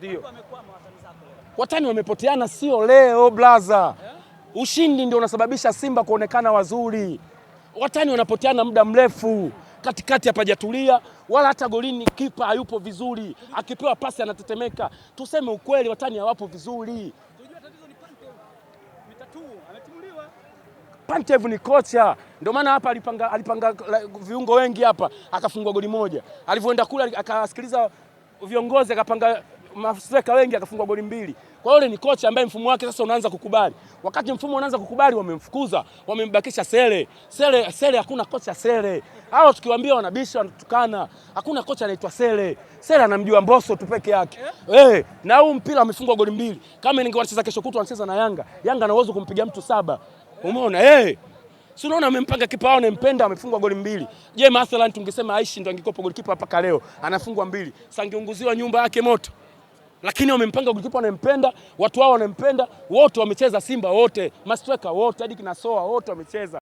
Ndio. Watani wamepoteana sio leo blaza. Ushindi ndio unasababisha Simba kuonekana wazuri. Watani wanapoteana muda mrefu, katikati hapajatulia wala hata golini kipa hayupo vizuri, akipewa pasi anatetemeka. Tuseme ukweli, watani hawapo vizuri. Pantev ni kocha, ndio maana hapa alipanga, alipanga viungo wengi hapa, akafungua goli moja. Alivyoenda kule akasikiliza viongozi akapanga mastreka wengi akafungwa goli mbili. Kwa hiyo ni kocha ambaye mfumo wake sasa unaanza kukubali. Wakati mfumo unaanza kukubali, wamemfukuza wamembakisha Sele. Sele, Sele, hakuna kocha Sele. Hao tukiwaambia wanabisha, wanatukana. Hakuna kocha anaitwa Sele. Sele anamjua Mbosso tu peke yake. Eh, Hey, eh, na huu mpira amefungwa goli mbili. Kama ningekuwa anacheza kesho kutwa anacheza na Yanga, Yanga ana uwezo kumpiga mtu saba. Umeona? Eh. Hey. Si unaona amempanga kipa wao anampenda amefungwa goli mbili. Je, mathalan tungesema Aishi ndo angekopa goli kipa mpaka leo. Anafungwa mbili. Sangeunguziwa nyumba yake moto lakini wamempanga golikipa wanampenda, watu wao wanampenda, wote wamecheza Simba wote, mastreka wote, hadi kina Soa wote wamecheza.